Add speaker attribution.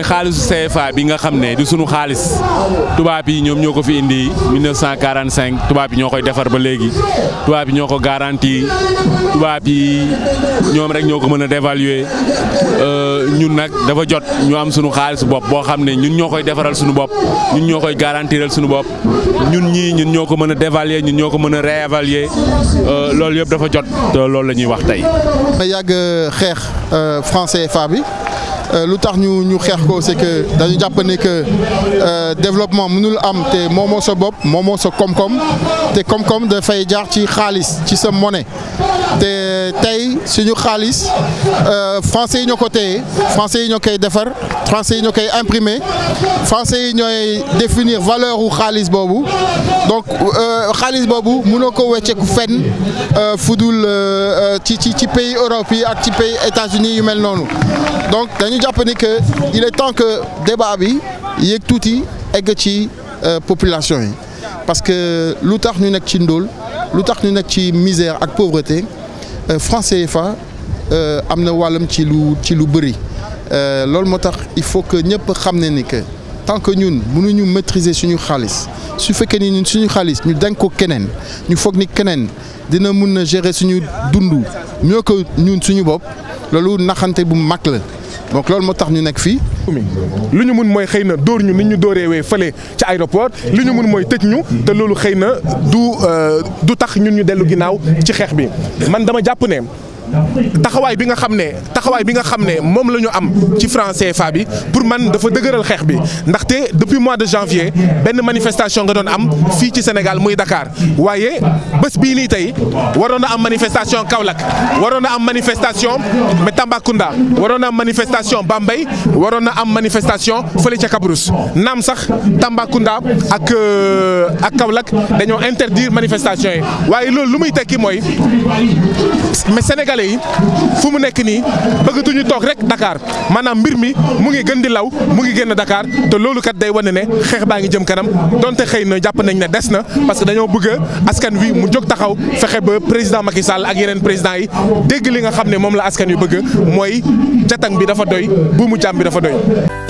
Speaker 1: mooy xaalisu CFA bi nga xam ne sunu xaalis tubaab yi ñoom ñoo ko fi indi 1945 tubaab yi ñoo koy defar ba léegi tubaab yi ñoo ko garanti tubaab yi ñoom rek ñoo ko mën a dévaluer euh, ñun nag dafa jot ñu am sunu xaalis bopp boo xam ne ñun ñoo koy defaral sunu bopp ñun ñoo koy garantiral sunu bopp ñun ñii ñun ñoo ko mën a dévaluer ñun ñoo ko mën a réévaluer euh, loolu yëpp dafa jot loolu la ñuy wax tey.
Speaker 2: yàgg xeex euh, franc CFA bi. Euh, lu tax ñu ñu xeex ko c'est que dañu jàpp ne que euh, développement mu mënul am te moomoo sa bopp moomoo sa koom-koom te koom-koom jaar ci xaalis ci sa mone te tey suñu xaalis euh, français yi ñoo ko téye français yi ñoo koy defar français yi ñoo koy imprimer français yi ñooy définir valeur u xaalis boobu donc xaalis boobu mënoo ko wecceeku fenn fudul ci ci ci pays Europe yi ak ci pays États-Unis yu mel noonu ñu jàpp ni que il est temps que débat bi yéeg tuuti egg ci euh, population yi parce que lu tax ñu nekk ci ndóol lu tax ñu nekk ci misère ak pauvreté euh, franc CFA euh, am na wàllam ci lu ci lu bëri loolu moo tax il faut que ñëpp xam ne ni que tant que ñun mënuñu maîtriser suñu xaalis su fekkee ni ñun suñu xaalis ñu denk ko keneen ñu foog ni keneen dina mun a gérer suñu dund mieux que ñun suñu bopp
Speaker 3: loolu naxante bu mag la. donc loolu moo tax ñu nekk fii. li ñu mun mooy xëy na dóor ñu nit ñu dóoree wee fële ci aéroport li ñu mun mooy tëj ñu te loolu xëy na du euh, du tax ñun ñu dellu ginnaaw ci xeex bi man dama jàpp ne. taxawaay bi nga xam ne taxawaay bi nga xam ne moom lañu am ci franc CFA bi pour man dafa dëgëral xeex bi ndaxte depuis mois de janvier benn manifestation nga doon am fii ci Sénégal muy dakaar waaye bés bii nii tey waroon na am manifestation Kaolack waroon na am manifestation Tambacounda waroon na am manifestation Bambey waroon na am manifestation fële ca Kabrousse naam sax Tambacounda ak euh, ak Kaolack dañoo interdire manifestation yi waaye loolu lu muy tekki mooy sénégalais yi fu mu nekk nii bëggatuñu toog rek Dakar maanaam mbir mi mu ngi gën di law mu ngi génn dakaar te loolu kat day wane ne xeex baa ngi jëm kanam donte xëy na jàpp nañ ne des na parce que dañoo bëgg askan wi mu jóg taxaw fexe ba président Macky Sall ak yeneen président yi dégg li nga xam ne moom la askan yu bëgg mooy jatang bi dafa doy bu mu jàmm bi dafa doy.